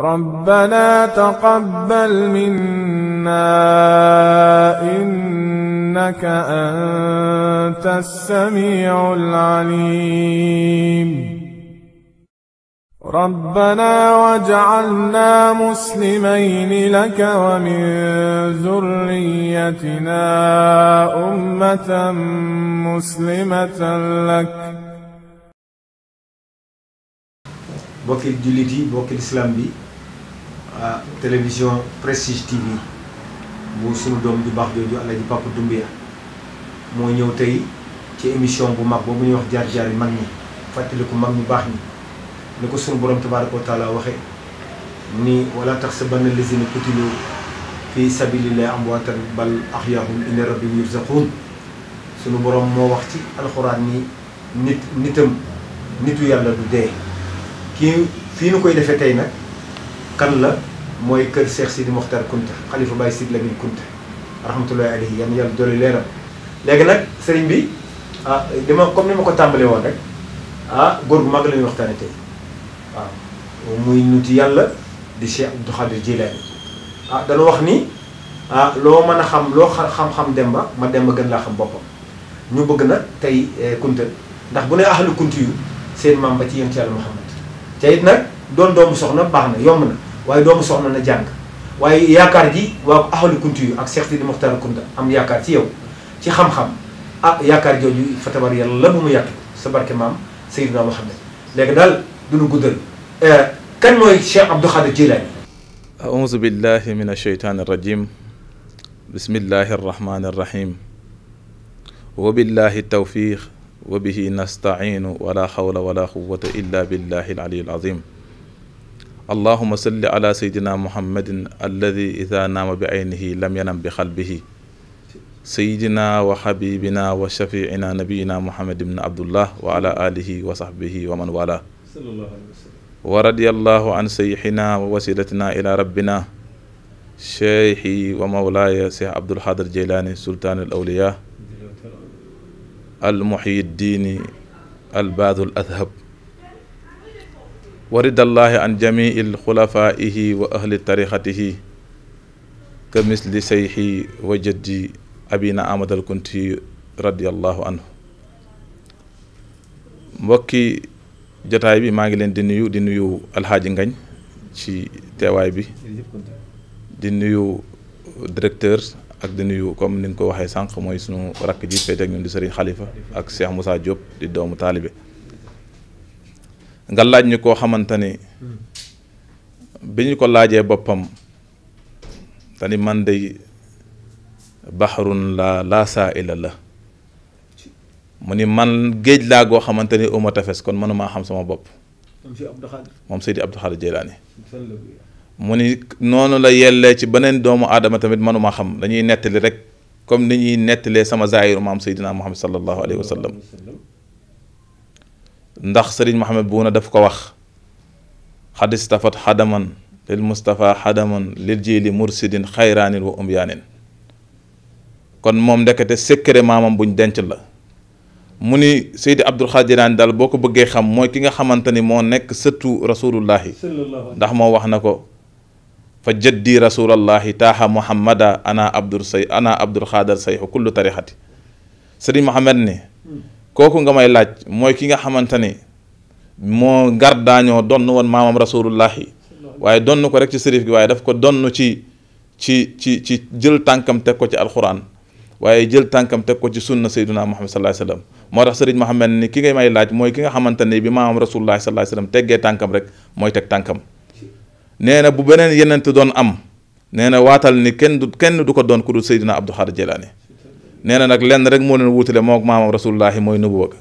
ربنا تقبل منا إنك أنت السميع العليم ربنا واجعلنا مسلمين لك ومن ذريتنا أمة مسلمة لك بوكي الجليدي بوكي الإسلام بي télévision Prestige TV bu sunu doom ju baax jooju Alaaji Papa Dumbia mo ñëw tay ci émission bu mag boobu ñuy wax jar jar mag ñi fatali ko mag ni bax ñi ni ko sunu borom tabaraku taala waxe ni wala taxsabanna lazina kutilu fi sabilillahi amwaatan bal ahyahum inna rabbihim yurzaquun sunu borom mo wax ci alquran ni nit nitam nitu yàlla du dé ki fi nu koy defé tay nak kan la. mooy kër Cheikh Sidi Mokhtar Kounta xalifa Baye Sidi Lamine Kounta rahmatullahi alayhi yan yàlla dolli leeram léegi nag sëriñ bi ah dama comme ni ma ko tàmbalee woon rek ah góor gu mag la ñuy waxtaane tey waaw muy nuti yàlla di Cheikh Abdou Khadir Jilaani ah dañu wax ni ah loo mën a xam loo xam-xam demba ma demba gën laa xam boppam ñu bëgg nag tey kunta ndax bu ne ahlu kunti yu seen maam ba ci yéen ci yàlla Muhammad te it nag doon doomu soxna baax na yomb na waye doomu soxna na jàng waye yaakaar ji wa axalu kunti ak Cheikh Sidi Mokhtar kunda am yaakaar ci yow ci xam-xam ah yaakaar joju fa tabar yàlla la bu mu yàqu sa barke maam Seydina Muhammad dal du nu guddal euh kan moy Cheikh Abdou Khadir Jilani أعوذ بالله من الشيطان الرجيم بسم الله الرحمن الرحيم وبالله التوفيق وبه نستعين ولا حول ولا قوة إلا بالله العلي العظيم اللهم صل على سيدنا محمد الذي إذا نام بعينه لم ينم بقلبه سيدنا وحبيبنا وشفيعنا نبينا محمد بن عبد الله وعلى آله وصحبه ومن والاه ورضي الله عن سيحنا ووسيلتنا إلى ربنا شيخي ومولاي سيح عبد الحاضر جيلاني سلطان الأولياء المحيي الدين الباذ الأذهب ورد الله عن جميع الخلفائه وأهل طريقته كمثل سيح وجدي أبي نعمة الكنتي رضي الله عنه مبكي جتاي بي ماغي لين دي نيو دي نيو الحاج نغاني شي تيواي بي دي نيو دريكتور اك دي نيو كوم نينكو واخاي سانك موي سونو راك جي فيتك ني دي سيرين خليفه اك شيخ موسى جوب دي دومو طالبي nga laaj ñu koo xamante ni bi ñu ko laajee boppam te ni man day baxarun la laa saa ila la mu ni man géej laa goo xamante ni uma tefes kon mënumaa xam sama bopp moom Seydi Abdou Khadre Jeylaani mu ni noonu la yellee ci beneen doomu aadama tamit mënumaa xam dañuy nettali rek comme ni ñuy nettalee sama zaayiru maam Seydina Muhammad sallallahu alayhi wa sallam ndax sëriñ Mohamed Buuna daf ko wax xad istafat xadaman lil Mustafa xadaman lil jili mursidin xayraanin wa umbiyaanin kon moom ndekete secret maamam buñ denc la mu ni Seydi Abdul Xaajiraan daal boo ko bëggee xam mooy ki nga xamante ni moo nekk sëtu rasulullahi ndax moo wax na ko fa jaddi rasulallahi taaha muhammada ana abdul say ana abdul xaadar sayxu kullu tarixati sëriñ Mohamed ne kooku nga may laaj mooy ki nga xamante ne moo gar daañoo donn woon maamam rasulullahi waaye donn ko rek ci sërif gi waaye daf ko donn ci ci ci ci jël tànkam teg ko ci alxuraan waaye jël tànkam teg ko ci sunna sayduna muhammad sallallahu alayhi wasallam moo tax sëriñ Muhammad ni ki ngay may laaj mooy ki nga xamante ne bi maamam rasulullahi sallallahu alayhi wasallam teggee tànkam rek mooy teg tànkam nee na bu beneen yenent doon am nee na waatal ni kenn du kenn du ko doon ku dul sayduna abdul xaadir jelaani nee na nag lenn rek moo leen wuutale mook maamam rasulullahi mooy nubuwa ga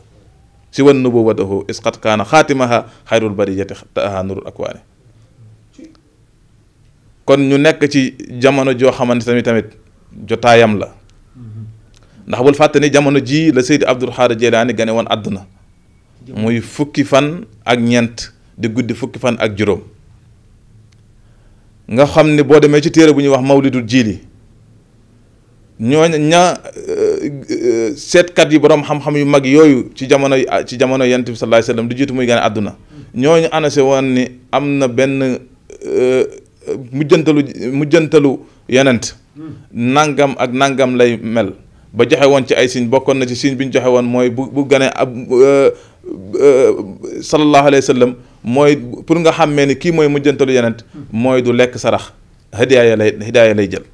si wan nubuwatahu isqat kaana xaatimaha xayrul bariyati taha nurul akwaani kon ñu nekk ci jamono joo xamante tamit tamit jotaayam la ndax bul fàtte ni jamono jii la Seydi Abdul Xaadir Jeylaani gane woon àdduna muy fukki fan ak ñeent di guddi fukki fan ak juróom nga xam ni boo demee ci téere bu ñuy wax mawlidul jiili ñooñu ña euh, euh, seetkat yi borom xam-xam yu mag yooyu ci jamono ci jamono yonent bi sallallahu alayhi wasallam di jiitu muy gane àdduna ñooñu annoncé woon ni am na benn euh, mujjantalu mujjantalu yonent nangam ak nangam lay mel ba joxe woon ci ay signe bokkoon na ci signe bi ñu joxe woon mooy bu bu gane ab sallallahu alayhi wasallam mooy pour nga xàmmee ni kii mooy mujjantalu yonent mooy du lekk sarax hidaaya lay hidaaya lay jël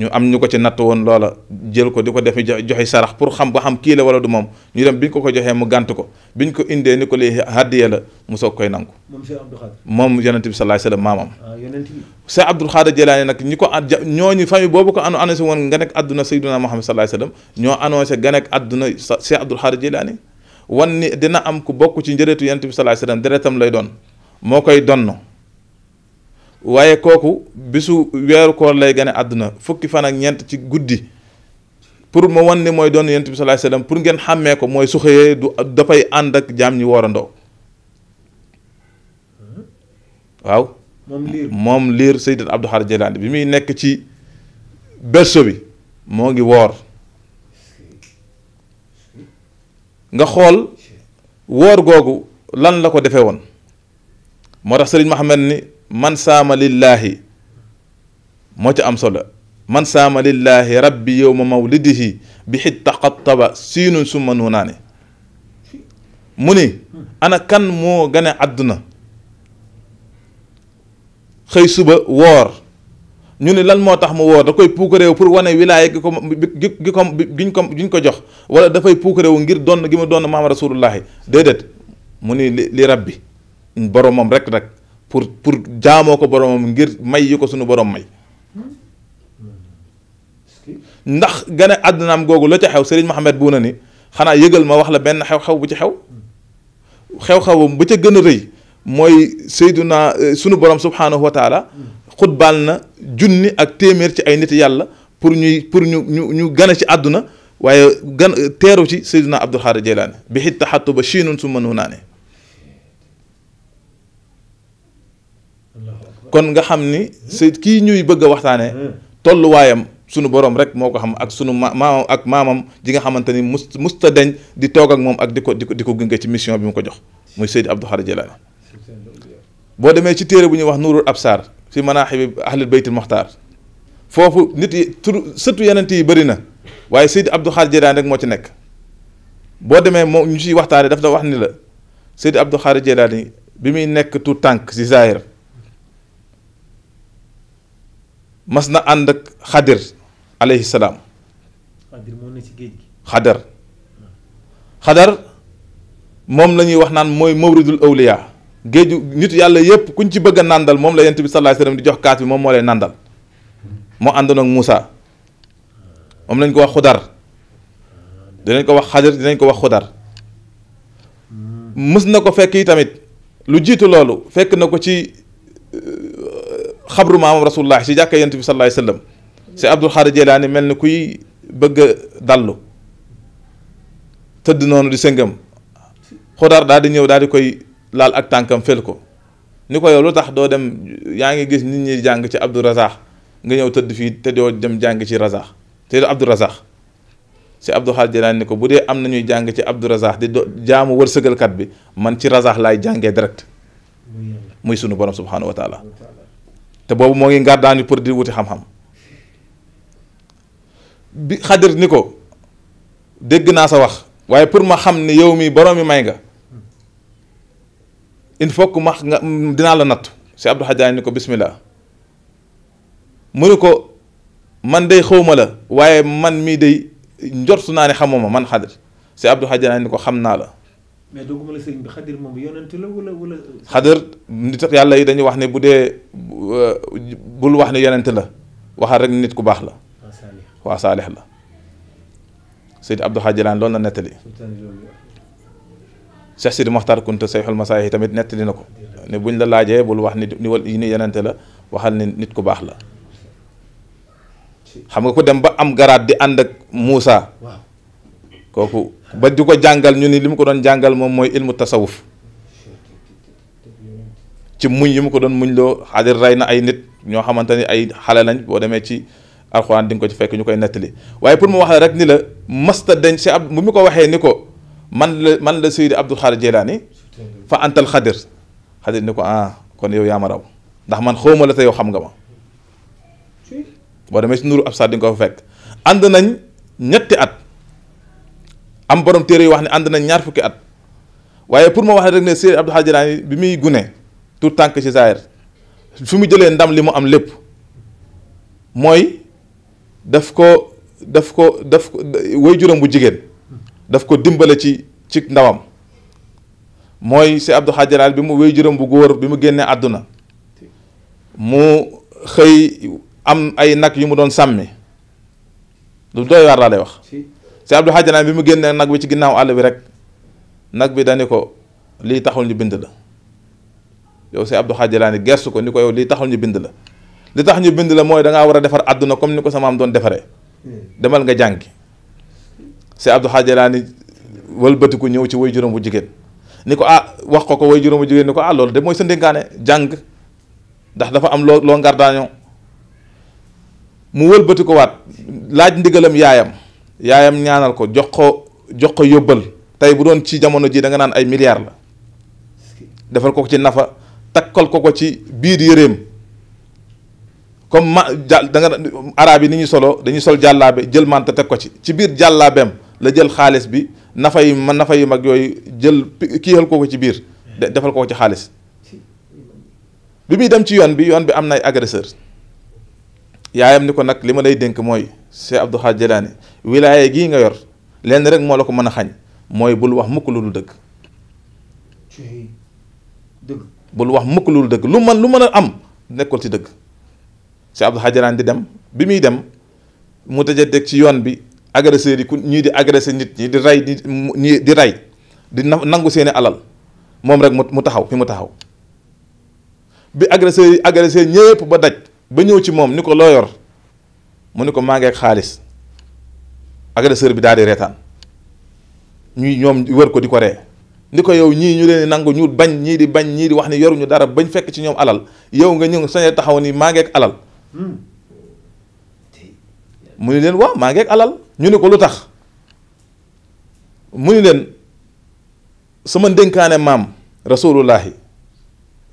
ñu am ñu ko ci natt woon loola jël ko di ko def joxe sarax pour xam ba xam kii la wala du moom ñu dem biñ ko ko joxee mu gànt ko biñ ko indee ni ko lii hàddiya la mu soog koy nangu. moom Cheikh Abdou Khadre. moom yonent bi salaay salaam maamam. waaw ah, yonent bi. Cheikh Abdou Khadre Jëlaani nag ñi ko ja ñooñu famille boobu ko annoncé woon nga nekk àdduna Seydina Muhammad salaay salaam ñoo annoncé nga nekk àdduna Cheikh Abdou Khadre Jëlaani wan ni dina am ku bokk ci njëreetu yonent bi salaay salaam deretam lay doon moo koy donn waaye kooku bisu weeru koor lay gane àdduna fukki fan ak ñeent ci guddi pour ma wan ni mooy doon yent bi sallallahu alayhi wasallam pour ngeen xàmmee ko mooy su xëyee du dafay ànd ak jaam ñi woorandoo waaw. moom liir moom liir Seydi Abdou Khadr Jilani bi muy nekk ci berceau bi moo ngi woor nga xool woor googu lan la ko defee woon moo tax Serigne Mohamed ni. man saama lillaahi moo ci am solo man saama lillaahi rabbi yowma mawlidihi bi xit taqattaba siinun summa nuunaani mu ni ana kan moo gane àdduna xëy suba woor ñu ne lan moo tax mu woor da koy puukaréew pour wane wilaaya gi ko gi ko giñ ko giñ ko jox wala dafay puukaréew ngir donn gi mu doon maam rasulullahi déedéet mu ni li rabbi borom boromam rek rek pour pour jaamoo ko boromam ngir may yi ko sunu borom may ndax gane àddunaam googu la ca xew Serigne Mohamed bu na ni xanaa yëgal ma wax la benn xew-xew bu ci xew xew-xewam bu ca gën a rëy mooy Seyduna euh, sunu borom subhanahu wa taala xutbaal na junni ak téeméer ci ay nit yàlla pour ñuy pour ñu ñu ñu gane ci àdduna waaye gan teeru ci Seyduna Abdul Xaadir Jeylaani bi xit taxattu ba chiinun su mënu naa kon nga xam ni si kii ñuy bëgg a waxtaanee tolluwaayam sunu borom rek moo ko xam ak sunu ma maamam ak maamam ji nga xamante ni mus musta deñ di toog ak moom ak di ko di ko di ko gunge ci mission bi mu ko jox muy Seydi Abdou Khadre Jilani demee ci téere bu ñuy wax Nuurul Absaar fi manaaxibi ahlil baytil Muxtaar foofu nit yi tur surtout yenent yi bëri na waaye Seydi Abdou Khadre Jilani rek moo ci nekk boo demee moo ñu ciy waxtaanee daf da wax ni la Seydi Abdou Khadre Jilani bi muy nekk tout tànk si zaahir مسنا عندك خدر عليه السلام خدر مو نسيجي خدر خدر موم لا نيوخ نان موي مورد الاولياء جيجو نيت يالا ييب كون سي بيغ ناندال موم لا ينتبي صلى الله عليه وسلم دي جوخ كات موم مو اندون اك موسى موم لا نكو واخ خدر دي نكو خدر دي نكو خدر مسنا كو فك اي تاميت لو جيتو لولو فك xabru maamam rasulullah si jàkka yonent bi sallallahu alayhi wasallam si Abdul Xaadir Jilaani mel ni kuy bëgg a dallu tëdd noonu di sëngam xudaar daal di ñëw daal di koy laal ak tànkam fel ko ni ko yow lu tax doo dem yaa gis nit ñi jàng ci Abdou Razaax nga ñëw tëdd fi te do dem jàng ci Razaax te do Abdou Razaax ci Abdul Xaadir Jilaani ni ko bu am nañu jàng ci Abdou Razaax di jaamu wërsegal kat bi man ci Razaax lay jangé direct muy sunu borom subhanahu wa taala. te boobu moo ngi ngàddaani pour di wuti xam-xam bi xadir ni ko dégg naa sa wax waaye pour ma xam ne yow mii borom mi may nga il faut que ma nga dinaa la natt si Abdou Xajaani ni ko bismillah mu ne ko man day xawma la waaye man mii day njortu naa ne xamuma man xadir si Abdou Xajaani ni ko xam naa la mais dogguma la sëriñ bi xadir moom la wala wala. xadir nit yàlla yi dañuy wax ne bu dee bul wax ne yenent la waxal rek nit ku baax la. waa saalix la Seydi Abdou Xaajilaan loolu la nettali. Cheikh Sidi Moxtar Kunta Seyxul Masaayix yi tamit nettali na ko ne buñ la laajee bul wax ni ni wal la waxal ni nit ku baax la xam nga ko dem ba am garaat di ànd ak Muusa kooku. ba di ko jàngal ñu nii li mu ko doon jàngal moom mooy ilmu tasawuf ci muñ yi mu ko doon muñ loo xaadir rey na ay nit ñoo xamante ni ay xale lañ boo demee ci alxuraan di nga ko ci fekk ñu koy nettali waaye pour mu wax rek ni la masta dañ si ab mu mi ko waxee ni ko man la man la Seydi Abdul Xaadir Jilaani fa antal xadir xadir ni ko ah kon yow yaa ma ndax man xawma la te xam nga ma boo demee si nuru ab sa di nga fekk ànd nañ ñetti at am borom téere yu wax ne ànd nañ ñaar fukki at waaye pour ma wax rek ne Sëriñ Abdul Xaadir bi muy gune tout tànk ci saayir fi mu jëlee ndam li mu am lépp mooy daf ko daf ko daf ko way juróom bu jigéen daf ko dimbale ci ci ndawam mooy Sëriñ Abdul Xaadir bi mu way juróom bu góor bi mu génnee àdduna mu xëy am ay nag yu mu doon sàmmi lu doy waar laa lay wax te Abdou Xaajanaan bi mu génnee nag bi ci ginnaaw àll bi rek nag bi dani ko lii taxul ñu bind la yow si Abdou Xaajanaan ni gersu ko ni ko yow lii taxul ñu bind la li tax ñu bind la mooy dangaa war a defar àdduna comme ni ko sama am doon defaree demal nga jàngi si Abdou Xaajanaan wëlbatiku ñëw ci way juróom bu jigéen ni ko ah wax ko ko way juróom bu jigéen ni ko ah loolu de mooy sa ndénkaane jàng ndax dafa am loo loo ngar daañoo mu wëlbati ko waat laaj ndigalam yaayam yaayam ñaanal ko jox ko jox ko yóbbal tey bu doon ci jamono ji danga naan ay milliards la defal ko ko ci nafa takkal ko ko ci biir yëreem comme ma ja da nga araab yi ni ñu solo dañuy sol jàllaabe jël manta teg ko ci ci biir jàllaabeem la jël xaalis bi nafa yi ma nafa yi mag yooyu jël kiixal ko ko ci biir defal ko ko ci xaalis bi muy dem ci yoon bi yoon bi am na ay agresseur yaayam ni ko nag li ma lay dénk mooy Cheikh Abdou Khadre Jilani wilaya gii nga yor lenn rek moo la ko mën a xañ mooy bul wax mukk lu dul dëgg. bul wax mukk lu dul dëgg lu man lu mën a am nekkoon ci dëgg Cheikh Abdou Khadre di dem bi muy dem mu tëjee ci yoon bi agresseurs yi ku ñii di agressé nit ñi di ray rey ñii di ray di nangu seeni alal moom rek mu taxaw fi mu taxaw bi agresseurs yi agressé ñëpp ba daj. ba ñëw ci moom ni ko loo yor mu ni ko maa ngi ak xaalis agresseur bi daal di reetaan ñuy ñoom wër ko di ko ree ni ko yow ñii ñu leen nangu ñu bañ ñii di bañ ñii di wax ni yoruñu dara bañ fekk ci ñoom alal yow nga ñëw sañee taxaw ni maa ngi hmm. ni leen waaw maa ngi alal ñu ni ko lu tax mu ni leen sama ndénkaane maam rasulullahi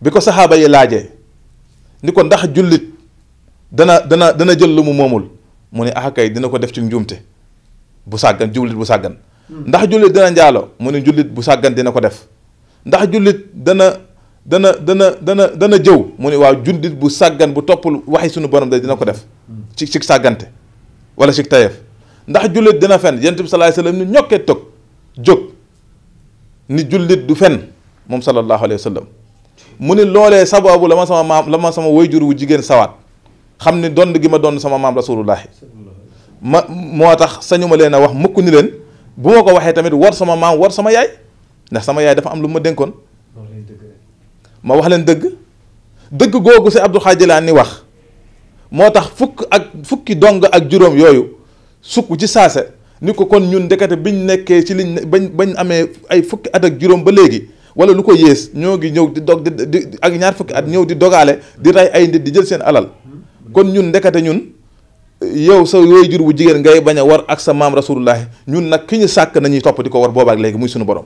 bi ko saxaaba yi laajee ni ko ndax jullit dana dana dana jël lu mu momul mu ne ah kay dina ko def ci njuumte bu sàggan jullit bu sàggan ndax julit dana njaaloo mu ne jullit bu sàggan dina ko def ndax jullit dana dana dana dana dana jëw mu ne waaw jullit bu sàggan bu toppul waxi suñu borom de dina ko def ci ci sàggante wala ci tayef ndax jullit dina fen yonent bi sallallahu alayhi wasallam ni ñoké tok jóg ni julit du fen mom sallallahu alayhi wasallam sallam mu ni loolee sababu lama sama lama sama wayjuru wu jigéen sawaat xamni don gi ma don sama mam rasulullah ma moo tax sañu ma wax mukk ni len bu ma waxe tamit war sama mam war sama yaay ndax sama yaay dafa am lu ma denkon ma wax leen deug dëgg googu si Abdul Xaadir Jilaani wax moo tax fukk ak fukki dong ak jurom yoyu sukk ci sase niko kon ñun ndekete biñ nekké ci liñ bañ amé ay fukki at ak juróom ba légui wala lu ko yées ñoo ngi ñëw di dog ak ñaar fukki at ñëw di dogalé di ray ay nit di jël seen alal kon ñun ndekete ñun yow sa yooyu jur bu jigéen ngay bañ a war ak sa maam rasulullahi ñun nag ki ñu sàkk nañuy topp di ko war boobaak léegi muy suñu borom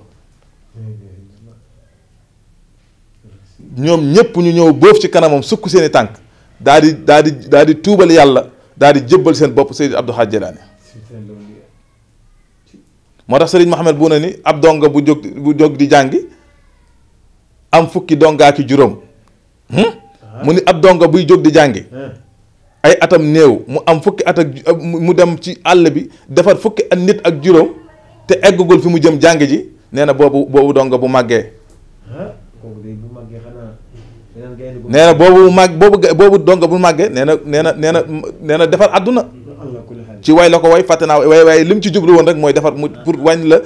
ñoom ñëpp ñu ñëw boof ci kanamam sukk seen tànk daal di daal di daal di tuubal yàlla daal di jébbal seen bopp Seydi Abdou Hadj moo tax Serigne Mohamed bu ne ni ab donga bu jóg bu jóg di jàngi am fukki dongaa ki juróom hmm? mu ni ab donga buy jóg di jàngi hmm. ay atam néew mu am fukki at ak euh, mu dem ci àll bi defar fukki at nit ak juróom te eggagul fi mu jëm jàng ji nee na boobu boobu dongo bu màggee nee na boobu bu boobu boobu dongo bu màggee nee na nee na nee na nee na defar àdduna ci way la ko way fàtte naa waaye waaye li mu ci jublu woon rek mooy defar mu pour wàññ la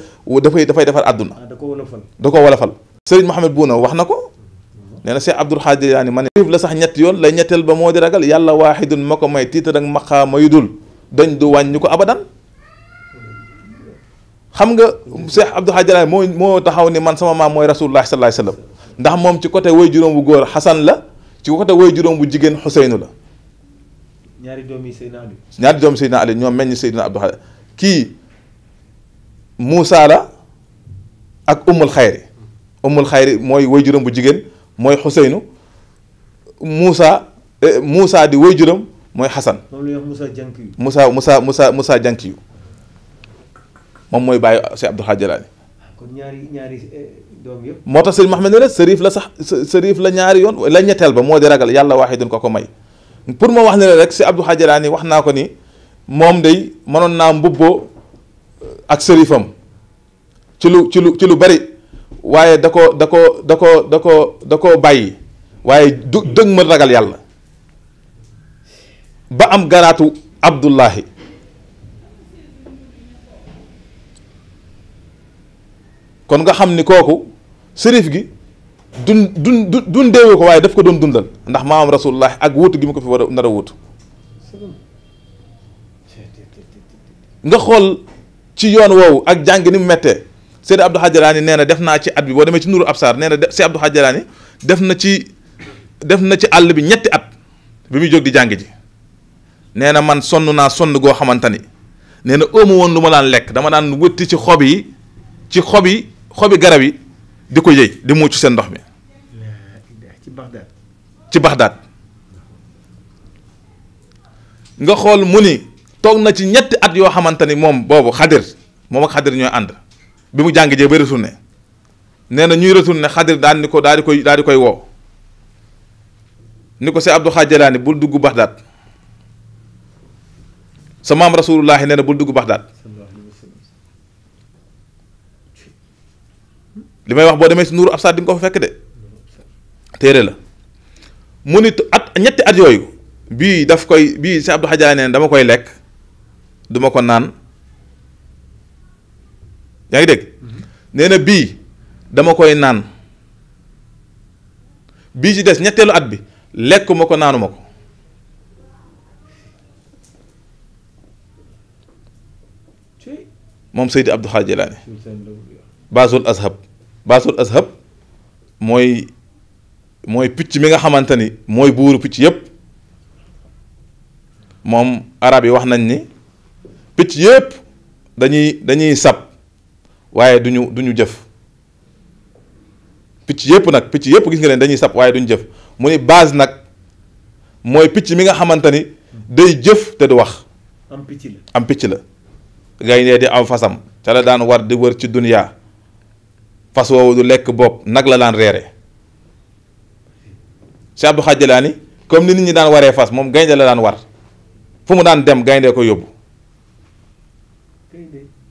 dafay dafay defar àdduna ah, da ko wolofal Serigne Mohamed Bouna wax na ko nee na Cheikh Abdoul Xaadir Jilaani ne xiif la sax ñetti yoon lay ñetteel ba moo di ragal yàlla waaxidun ma ko may tiitar ak maqaama yu dul dañ du wàññi ko abadan xam nga Cheikh Abdoul Xaadir Jilaani moo taxaw ni man sama maam mooy rasulullah sallallahu ndax moom ci côté way juróom bu góor Xasan la ci côté woy juróom bu jigéen Xuseynu la ñaari doom yi Seydina Ali ñaari doom Seydina Ali ñoom meññ Seydina Abdoul Xaadir kii Moussa la ak Ummul Xayri Ummul Xayri mooy woy juróom bu jigéen mooy Xuseynu Moussa eh, Moussa di waajuram mooy Xasan. moom la ñuy wax Moussa Jankiyu. Moussa Moussa Moussa Moussa moom mooy bàyyi si Abdul Xaadir Jilaani. Ah, kon ñaari ñaari eh, doom yëpp. moo tax sëriñ Maxamed ne la sërif la sax sërif la ñaari yoon la ñetteel ba moo di ragal yàlla waaxee duñ ko ko may pour ma wax ne la rek si Abdul Xaadir Jilaani wax naa ko ni moom day mënoon naa mbubboo eh, ak sërifam ci lu ci lu ci lu bari. waaye da ko da ko da ko da ko da ko bàyyi waaye du dëgg ma ragal yàlla ba am garaatu Abdullahi kon nga xam ni kooku sërif gi du dun du dundeewu ko waaye daf ko doon dundal ndax maam rasulullah ak wuutu gi mu ko fi war a nar a wuutu nga xool ci yoon woowu ak jàng ni mu méttee Seydi Abdou Hadjaraani nee na def naa ci at bi boo demee ci nuru absar nee na Seydi Abdou Hadjaraani def na ci def na ci àll bi ñetti at bi muy jóg di jàng ji nee na man sonn naa sonn goo xamante ni nee na ëmmu woon lu ma daan lekk dama daan wëtti ci xob yi ci xob yi xobi garab yi di ko yëy di mucc seen ndox mi ci Baxdaad nga xool mu ni toog na ci ñetti at yoo xamante ni moom boobu xadir moom ak xadir ñooy ànd bi mu jàng jee ba ne nee na ñuy retourné xadir daan ni ko daal di koy daal di koy woo ni ko si Abdou Xaajalaani bul dugg Baxdaad sa maam rasulullahi nee na bul dugg Baxdaad li may wax boo demee si nuuru ab saat di nga ko fa fekk de téere la mu ni at ñetti at yooyu bii daf koy bii si Abdou Xaajalaani nee na dama koy lekk duma ko naan yaa ngi bii dama koy naan bii ci des ñetteelu at bi lekk ma ko naanu ma ko moom Seydi Abdou Xaadir Jilaani baasul azhab baasul azhab mooy mooy picc mi nga xamante ni mooy buuru picc yépp moom arab yi wax nañ ni picc yépp dañuy dañuy sab waaye du ñu du ñu jëf picc yépp nag picc yépp gis nga leen dañuy sab waaye du ñu jëf mu ni base nag mooy picc mi nga xamante ni day jëf te du wax. am picc la gayndee picc la. di aw fasam ca la daan war di wër ci duniyaa fas woowu du lekk bopp nag la daan reere si Abdou Xajalaani comme ni nit ñi daan waree fas moom gaynde la daan war fu mu daan dem gayndee ko yóbbu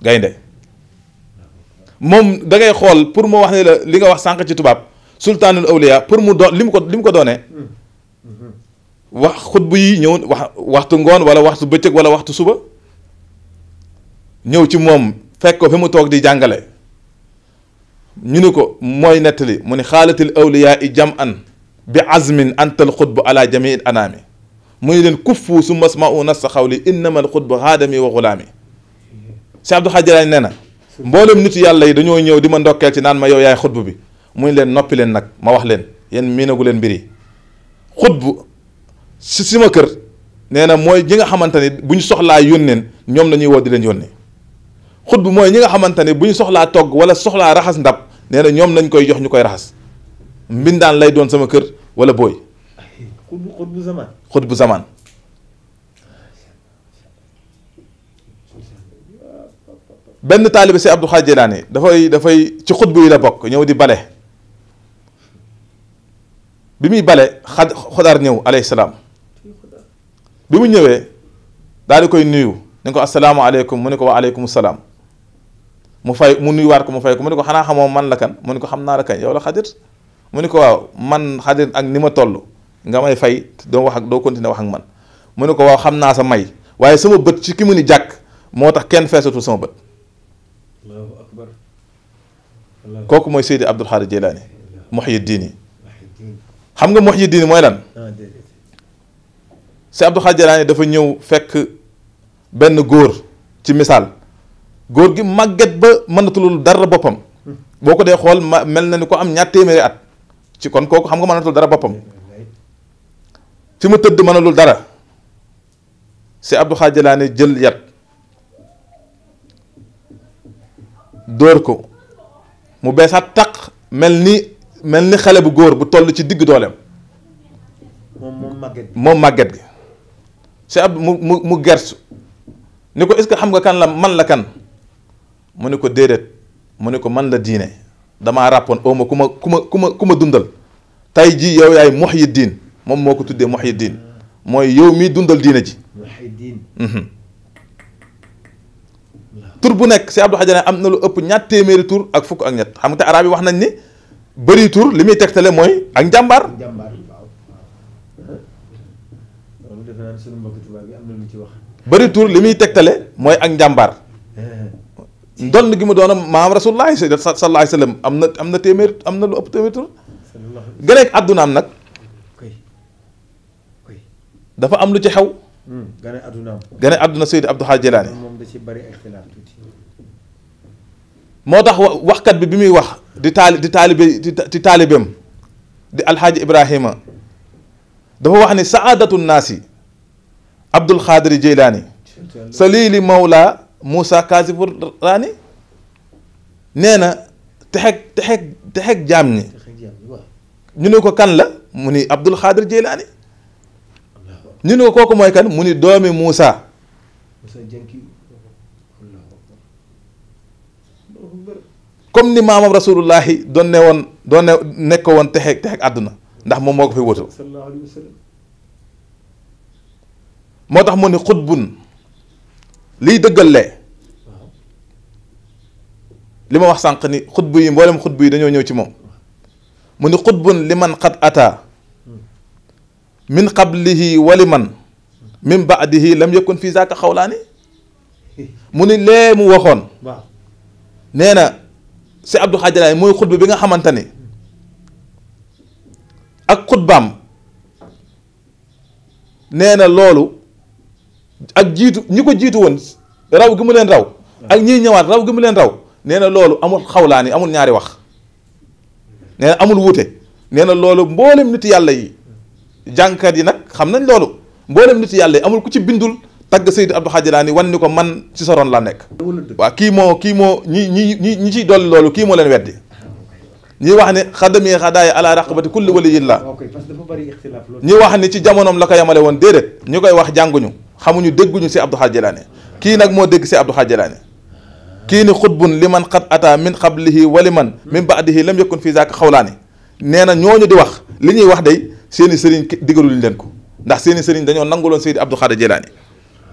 gaynde mom da ngay xol pour mo wax ni la li nga wax sank ci tubab sultanul awliya pour mu doon li ko lim ko doné wax xutbu yi ñëw wax waxtu ngon wala waxtu beccëk wala waxtu suba ñëw ci mom fekk ko fi mu tok di jàngale ñu ne ko moy netali mu ni xaalatil awliyaa i an bi azmin antal xutbu ala jami'il anami mu ni leen kuffu su masmau nas khawli xawli innama al xutbu wa ghulami si Abdou Xaajalaani nee mboolem nitu yalla yi dañoo ñëw di ma ndokkel ci naan ma yow yaay xutbu bi muy leen noppi leen nag ma wax leen yéen miinagu leen mbiri yi xutbu si si kër neena na mooy ñi nga xamantani ne bu ñu soxlaa yónneen ñoom la woo di leen yónnee xutbu mooy ñi nga xamantani ne bu ñu soxlaa togg wala soxlaa raxas ndab neena na ñoom lañ koy jox ñu koy raxas mbindaan lay doon sama kër wala booy. xutbu xutbu zaman xutbu zaman ben talib ci Abdou da fay da fay ci xutbu yi la ñëw di bale bi mi bale xad ñëw alayhi salam bi mu ñewé dal koy nuyu ni ko alaykum mu ne ko wa alaykum salaam mu fay mu war ko mu fay ko mu ne ko xana xamoo man la kan mu ne ko xamna la kan yow la khadir mu ne ko waaw man khadir ak ni ma toll nga may fay do wax ak do continuer wax ak man mu ne ko waaw xamna sa may waye sama beut ci ki mu ni jak motax kenn sama beut kooku mooy Seydi Abdul Xaadir Jeylaani Muhyiddin yi xam nga Muhyiddin yi mooy lan ah, Seydi Abdul Xaadir Jeylaani dafa ñëw fekk benn góor ci misaal góor gi màgget ba mënatul dara boppam hmm. boo ko dee xool ma mel na ni ko am ñaar téeméeri at ci kon kooku xam nga mënatul dara boppam fi mu tëdd mënalul dara Seydi Abdul Xaadir Jeylaani jël yat dóor ko mu beesaat taq mel ni mel ni xale bu góor bu toll ci diggu dooleem. moom màgget gi moom màgget gi. si ab mu mu mu gersu ni ko est-ce que xam nga kan la man la kan mu ne ko déedéet mu ne ko man la diine damaa ràppoon oo ma ku ma ku ma ku ma ku ma dundal tey jii yow yaay yi diin moom moo ko tuddee diin mooy yow mii dundal diine ji. tour bu nek cheikh Abdou hadjane amna lu upp ñaar téméré tour ak fukk ak ñett xam nga te arab yi wax nañ ni bari tour limi textalé moy ak jambar njàmbaar bëri tur li muy tegtale ak jambar ndond gi mu doon maam rasulullah sallallahu alayhi wasallam amna amna témér amna lu upp témér tour lu aduna téeméer tur gën a dafa am lu ci xew gane aduna gane adduna Abdou Khadre Jëlaani mom da ci bari ay xilaaf tuuti moo tax bi bi muy wax di talib di talib di talibem di alxaaji Ibrahima dafa wax ni saadatu nasi Abdul Xaadir jilani salili Mawla musa Kaasifur rani nee tehek tehek tehek jamni ñu ne ko kan la muni ni Abdul Xaadir Jeylaani ñu ne ko kooku mooy mu ni doomi Moussa comme ni maamam rasulullahi doon ne woon doon ne nekk woon texe texeeg àdduna ndax moom moo ko fi wutu moo tax mu ni xutbun liy dëggalee li ma wax sànq ni xutbu yi mboolem xutbu yi dañoo ñëw ci moom mu ni xutbun li man xat ataa min qablihi wali man min baadihi lam yakun fi zaaka xawlaani mu ni lee mu waxoon nee na si Abdou Xaajalaay mooy xutba bi nga xamante ni ak xutbaam nee na loolu ak jiitu ñi ko jiitu woon raw gi mu leen raw ak ñiy ñëwaat raw gi mu leen raw nee na loolu amul xawlaani amul ñaari wax nee amul wuute nee na loolu mboolem nit yàlla yi jàngkat yi nag xam nañ loolu mboolem nit yàlla amul ku ci bindul tag Seydou Abdou Xaajalaani wan ni ko man ci soron la nek wa ki mo ki mo ñi ñi ñi ci ciy lolu ki mo len weddi. ñi wax ni khadami khadaya ala raqabati kulli waliyillah ñi wax ni ci jamonom la ko yamale won dedet ñu wax jànguñu xamuñu dégguñu si Abdou Xaajalaani ki nak mo dégg si Abdou Xaajalaani kii ni xutbun li man xat ata min qablihi wa li man min baadihi lam yakun fi zaaka xawlaani nee na ñooñu di wax li wax day seeni sëriñ digaluñ leen ko ndax seeni sëriñ dañoo nanguloon Seydi Abdou Khader Jelaani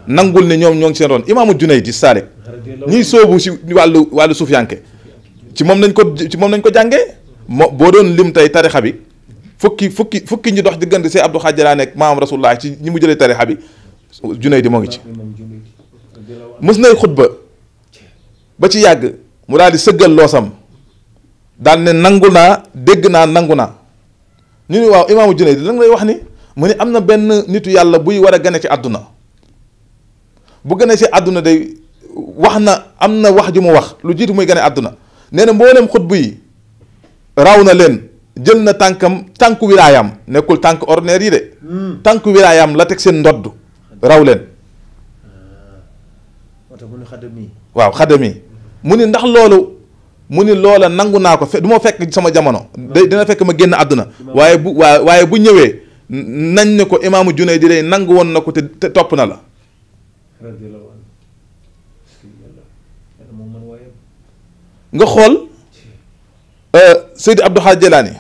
nangul ne ñoom ñoo ngi seen roon imaamu Junayd Saalik ñiy soobu si wàllu wàllu suufiyanke ci moom lañ ko ci moom nañ ko jànge moo boo doon lim tey tarixa bi fukki fukki fukki ñu dox diggante Seydi Abdou Khader Jelaani ak maam Rasulullah ci ñi mu jëlee tarixa bi Junayd moo ngi ci mës nay xutba ba ci yàgg mu daal di sëggal loosam daal ne nangu naa dégg naa nangu naa ñu waaw imaamu Junayd lan lay wax ni mu ne am na benn nitu yàlla buy war a gane ci àdduna bu gane ci àdduna day wax na am na wax ju mu wax lu jiitu muy gane àdduna nee na mboolem xutbu yi raw na leen jël na tànkam tànku wiraayaam nekkul tànk ordinaire yi de tànku wiraayaam la teg seen ndodd raw leen waaw xadami mu ni ndax loolu muni ni loola nangu naa ko du ma fekk sama jamono dina fekk ma génn aduna waaye bu waa waaye bu ñëwee nañ ne ko imaamu junay di day nangu woon na ko te topp na la nga xool Seydi Abdou Xaaj Jelaani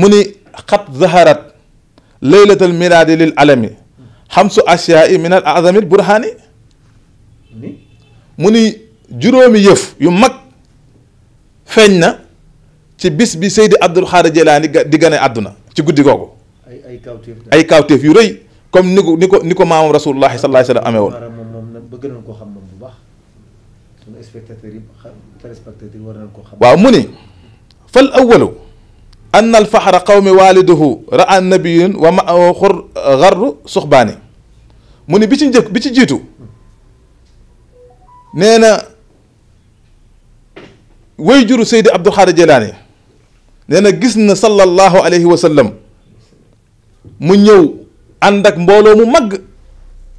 mu ni xat zaharat laylatal milaadi lil alami xamsu asiyaa min al azamil burhaani mu ni juróomi yëf yu mag feeñ na ci bis bi Seydi Abdul Xaadir Jilaani di gane àdduna ci guddi googu ay kawteef yu rëy comme ni ko ni ko ni ko maamam rasulullahi sallallahu alayhi wa sallam amee woon bëgg nañ ko xam moom bu baax sunu spectateur yi téléspectateur yi war nañ ko xam waaw mu ni fal awalu anna al faxra qawmi waaliduhu raa nabiyun wa ma xur xarru suxbaani mu ni bi ci njëkk bi ci jiitu nee na way juru Seydi Abdul Xaadir Jelaani nee na gis na sallallahu alayhi wa sallam mu ñëw ànd ak mbooloo mu mag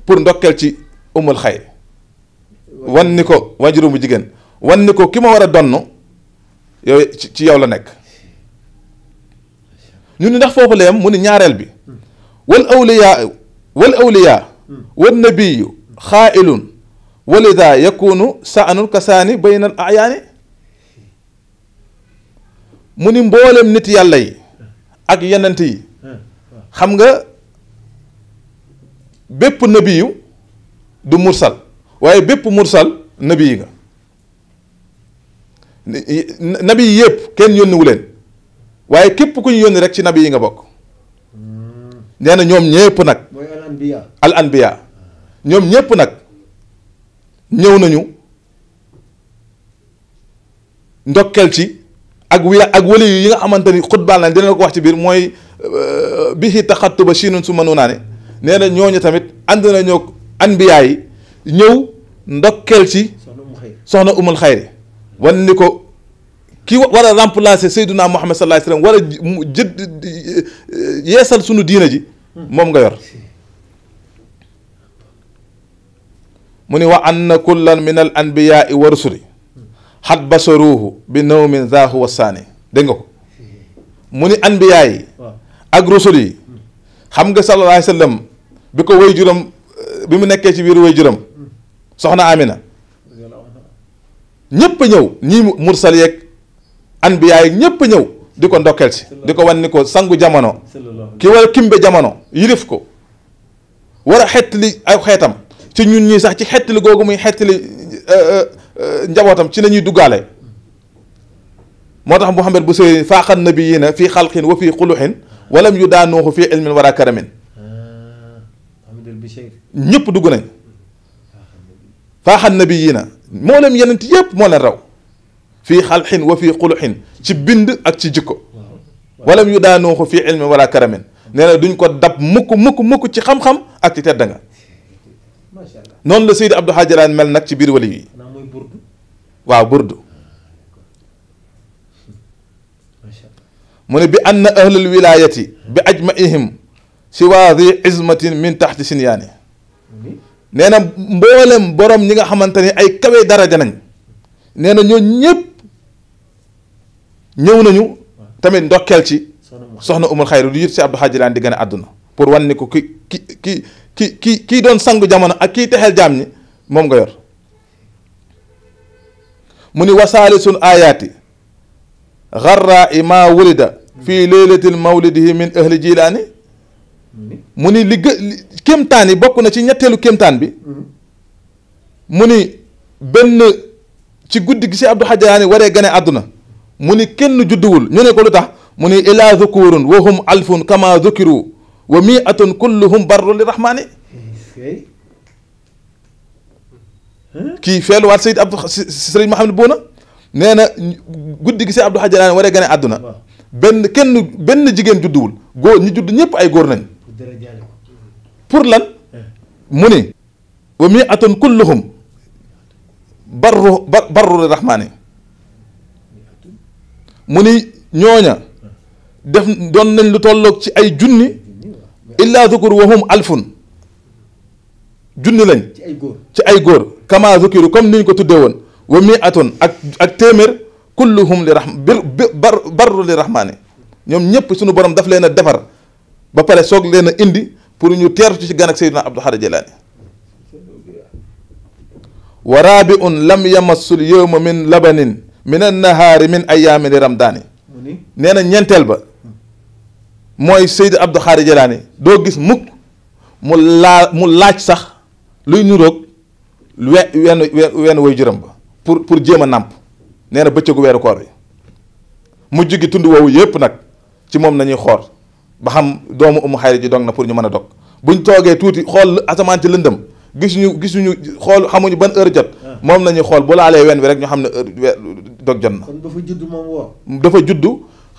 pour ndokkeel ci umul xayr wan ni ko wajuru mu jigéen wan ni ko ki ma war a donn yow ci yow la nekk ñu ni ndax foofu la yem mu ni ñaareel bi wal awliyaa wal awliyaa wan nabiyu xaailun walida yakunu saanul kasaani bayna al ayaani mu ni mbooleem nit yàlla yi ak yenent yi xam nga bépp nabiyu du mursal waaye bépp mursal nabi yi nga nabi yi yëpp kenn yónniwu leen waaye képp ku ñu yónni rek ci nabi yi nga bokk nee na ñoom ñëpp nag al anbiya ñoom ñëpp nag ñëw nañu ndokkel ci ak wi ak wali yi nga xamante ni xutbaal nañ dina la ko wax ci biir mooy bihi taxattu ba chinun su mënu naa ne nee na ñooñu tamit ànd nañoo anbiyaa yi ñëw ndokkeel ci soxna umul xayri wan ni ko ki war a remplacer Seydina Muhammad sallallahu alayhi wa sallam war a jëd yeesal sunu diina ji moom nga yor mu ni wa anna kullan min al anbiyaa wa rusuli xat basaruuhu bi nawmin zaahu wasaani dégg nga ko mu ni anbiyaa yi ak rusul yi xam nga sallallahu alayhi wa bi ko way bi mu nekkee ci biir way soxna Amina ñëpp ñëw ñii mursal yeeg anbiyaa yeeg ñëpp ñëw di ko ndokkeel si di ko sangu jamono ki war kimbe jamono yilif ko war a xettali ay xeetam ci ñun ñii sax ci xettali googu muy xettali njabotam ci lañuy dugalé motax Muhammad bu sëy faqan nabiyina fi khalqin wa fi quluhin walam yu daanuuxu fii ilmin wara karamin ñëpp dugg nañ faqan nabiyina mo lam yenent yep mo la raw fi khalqin wa fi quluhin ci bind ak ci jikko walam yu daanuuxu fii ilmin wara karamin neena duñ ko dab mukk mukk mukk ci xam-xam ak ci tedda nga noonu la Seydi Abdou Hadj Jilani mel nag ci biir wali yi waaw burdu mu ne bi an ahlul wilayati bi ajmaihim si waa di izmatin min taxti sinyaani nee na mboolem borom ñi nga xamante ni ay kawe daraja nañ nee na ñoo ñëpp ñëw nañu tamit ndokkeel ci soxna umul xayri du yit si Abdou Xaajilaan di àdduna pour wan ni ko ki ki ki ki ki kii doon sangu jamono ak kii texeel jaam ñi moom nga yor مني وسالس آياتي غرى إما ولد في ليلة المولد من أهل جيلاني مني لج... كم تاني بكو نتي نتلو كم تاني بي مني بن تي غود غسي عبد الحاج يعني وري غني ادنا مني كين جودول ني نكو لوتا مني الا ذكور وهم الف كما ذكروا ومئه كلهم بر للرحمن kii feelu waat Seydou Abdou Serigne Mouhamed Bouna nee na guddi gi si Abdou Hadj Dane waree gane àdduna benn kenn benn jigéen judduwul góor ñi judd ñëpp ay góor nañ pour lan mu ni wa mi atun kulluhum barru barru rahmaani mu ni ñooña def doon nañ lu tolloog ci ay junni illa zukur wa hum alfun junni lañ ci ay góor كما ذكروا كم نين كو تودون ومئاتون اك اك تيمر كلهم لرحم بر بر, بر للرحمن نيوم نيب سونو بوروم داف لينا دفر با بالي سوك لينا اندي بور نيو تيرو سي غانك سيدنا عبد الحر جلاني ورابع لم يمس اليوم من لبن من النهار من ايام رمضان نينا نينتل با موي سيد عبد الخالق جلاني دو غيس موك مو صح لوي نوروك we wenn wenn woy jërëm ba pour pour jéem a nàmp nee na bëccëgu weeru koor bi mujj gi tund woowu yépp nag ci moom nañuy xool ba xam doomu umu xayri ji dog na pour ñu mën a dog buñ toogee tuuti xool asamaan ci lëndëm gis ñu xool xamuñu ban heure jot. Ah. moom nañuy xool bu laalee wen bi rek ñu xam ne heure dog jot na. dafa juddu moom dafa judd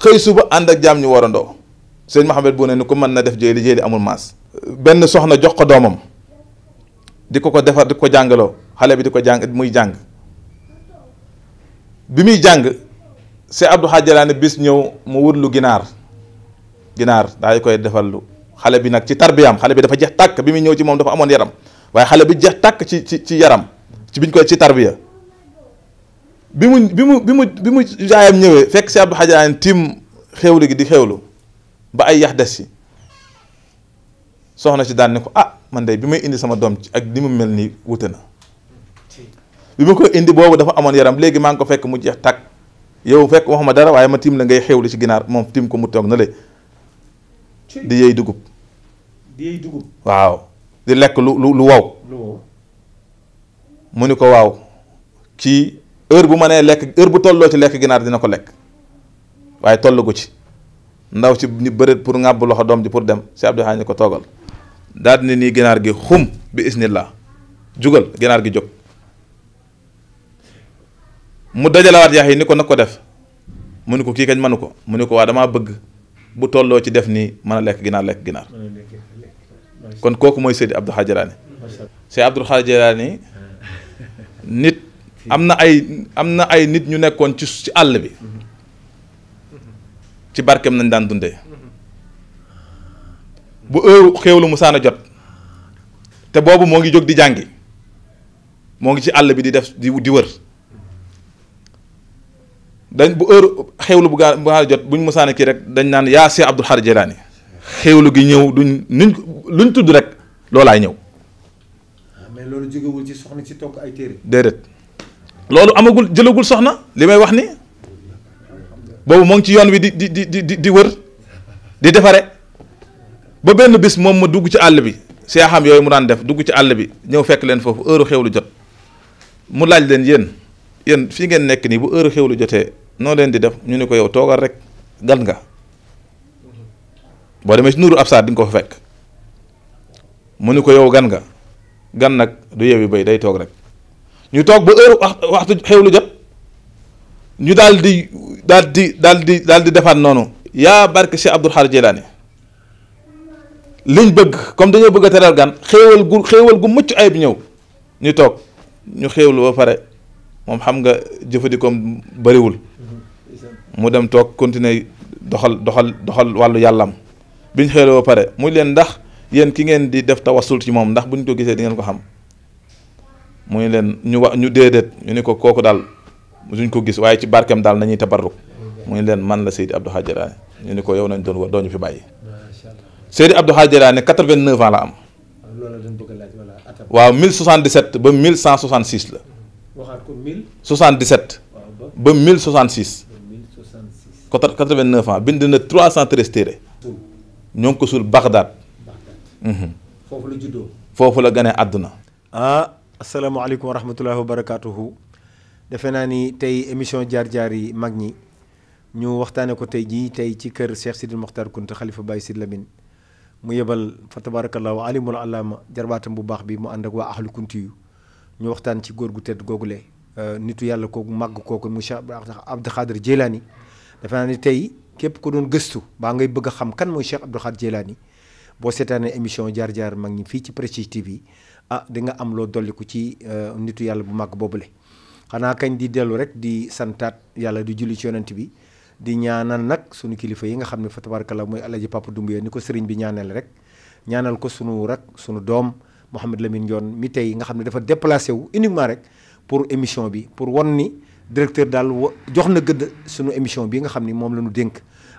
xëy suba ànd ak jaam ñu warandoo sëñ Mouhamed bu ne ni ku mën na def jéeli jéeli amul maas. benn soxna jox ko doomam. di ko ko defar di ko jàngaloo xale bi di ko jàng muy jàng bi muy jàng si Abdou Xaajalaane bis ñëw mu wut lu ginaar ginaar daa koy defal lu xale bi nag ci tarbiyaam xale bi dafa jeex tàkk bi muy ñëw ci moom dafa amoon yaram waaye xale bi jeex tàkk ci ci ci yaram ci biñ koy ci tarbiya bi mu bi mu bi mu bi mu jaayam ñëwee fekk si Abdou Xaajalaane tim xéewlu gi di xewlu ba ay yax des si soxna si daan ne ko ah man de bi may indi sama doom ci ak ni mu mel nii wute na bi ma koy indi boobu dafa amoon yaram léegi maa ngi ko fekk mu jeex tàkk yow fekk wax ma dara waaye ma tiim la ngay xewli ci ginaar moom tiim ko mu toog na le di yëy dugub. di waaw di lekk lu lu wow. lu wow mu ni ko waaw kii heure bu ma nee lekk heure bu tolloo ci lekk ginaar dina ko lekk waaye ko ci. ndaw si ni bëreet pour ŋàbb loxo doom ji pour dem si Abdou Xaani ko toogal daal di ne nii ginaar gi xum bi isnillah jógal ginaar gi jóg mu dajalawaat yax yi ni ko nag ko def mu ni ko kii kañ mënu ko mu ni ko waa damaa bëgg bu tolloo ci def nii mën a lekk ginaar lekk ginaar kon kooku mooy Seydi Abdou Xaajalaani Seydi Abdou Xaajalaani nit am na ay am na ay nit ñu nekkoon ci ci àll bi mhm. ci barkeem nañ daan dundee bu heure xéewlu musana jot te bobu mo ngi jog di jangi mo ngi ci àll bi di def di di weur dañ bu heure xewlu bu gaa musaana jot buñ musaana ki rek dañ nan ya si Abdul Xaadir Jilaani xéewlu gi ñew duñ luñ tudd rek lolay ñew ah, mais lolu jógewul ci soxna ci tok ay téré dedet lolu amagul jëlagul soxna limay wax ni bobu mo ngi ci yoon wi di di di di weur di defare ba benn bis moom ma dugg ci àll bi seexam yooyu mu daan def dugg ci àll bi ñëw fekk leen foofu heure xewlu jot mu laaj leen yéen yéen fii ngeen nekk nii bu xew lu jotee noo leen di def ñu ne ko yow toogal rek nga boo demee ci nuuru absaar di nga fekk mu ne ko yow gan nga gan nag du yeewi bay day toog rek ñu toog ba heure waxtu xewlu jot ñu daal di daal di daal di daal di defaat noonu yaa barke Cheikh Abdoul Xaadir Jilaani liñ bëgg comme dañoo bëgg a teral gan xéewal gu xéewal gu mucc ayib ñëw ñu toog ñu xéewlu ba pare moom xam nga jëfandikoom bariwul mu dem toog continuer doxal doxal doxal wàllu yàllam biñ xéewlu ba pare mu muy leen ndax yéen ki ngeen di def tawassul ci moom ndax bu ñu ko gisee di ngeen ko xam mu muy leen ñu wax ñu déedéet ñu ni ko kooku daal duñ ko gis waaye ci barkeem daal nañuy tabarruk muy leen man la Seydi Abdou Hadj ñu ni ko yow nañ doon wër doo ñu fi bàyyi. Seydi Abdou Hadj Della ne 89 ans la am. waaw 1077 ba 1166 la. waxaat ko 1077. ba 1066. ba 1066. 89 ans bind na 313 téere. ñoo ngi ko suul Bagdad. foofu la juddoo. foofu la gane àdduna. ah asalaamaaleykum wa rahmatullahi wa barakaatuhu. defe naa ni tey émission jaar-jaar yi mag ñi ñu waxtaane ko tey jii tey ci kër Cheikh Sidil Mokhtar Kounta xalifa Baye Sid Lamine mu yebal fa tabaarakallaahu alimul alaama jarbaatam bu baax bi mu ànd ak waa ahlu ñu waxtaan ci góor gu tedd le euh, nitu yàlla kooku màgg kooku mu Cheikh Abdou Khadir Jeylaani defe naa ni tey képp ko doon gëstu baa ngay bëgg a xam kan mooy Cheikh Abdou Khadir Jeylaani boo seetaanee émission jaar-jaar mag ñi fii ci Prestige TV ah di nga am loo dolliku ci euh, nitu yàlla bu màgg boobu le xanaa kañ di dellu rek di santaat yàlla di julli ci yonent bi. di ñaanal nag sunu kilifa yi nga xam ne fa tabarakallah mooy alaji papa Doumbouya ni ko sëriñ bi ñaanal rek ñaanal ko sunu rek sunu doom Mouhamed Lamine Dione mi tey nga xam ne dafa déplacé wu uniquement rek pour émission bi pour won ni directeur daal jox na gëdd sunu émission bi nga xam ni moom la ñu dénk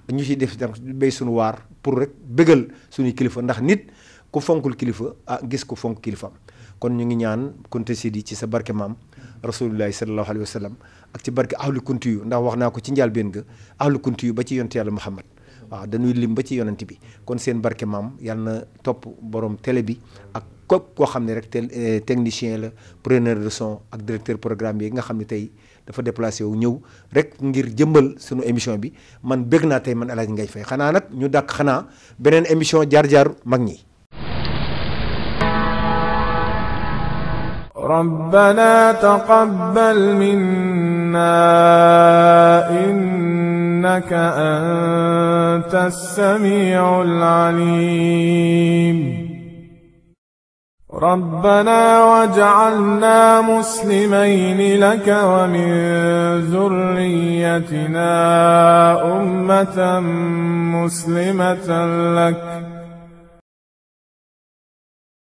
ñu si def béy sunu waar pour rek bégal suñu kilifa ndax nit ku fonkul kilifa ah gis ku fonk kilifa kon ñu ngi ñaan konte di ci sa barke maam rasulullahi sallallahu alayhi wa sallam ak ci barke ahlu kunti yu ndax wax naa ko ci njëlbéen ga ahlu kunti yu ba ci yonte yàlla Muhammad waaw dañuy lim ba ci yonent bi kon seen barke maam yàlla na topp borom télé bi ak képp koo xam ne rek eh, technicien la preneur de son ak directeur programme yi nga xam ne tey dafa déplacé wu ñëw rek ngir jëmbal sunu émission bi man bëgg naa tey man El Hadj Ngagne Faye xanaa nag ñu dàq xanaa beneen émission jaar-jaaru mag ñi. ربنا تقبل منا إنك أنت السميع العليم ربنا واجعلنا مسلمين لك ومن ذريتنا أمة مسلمة لك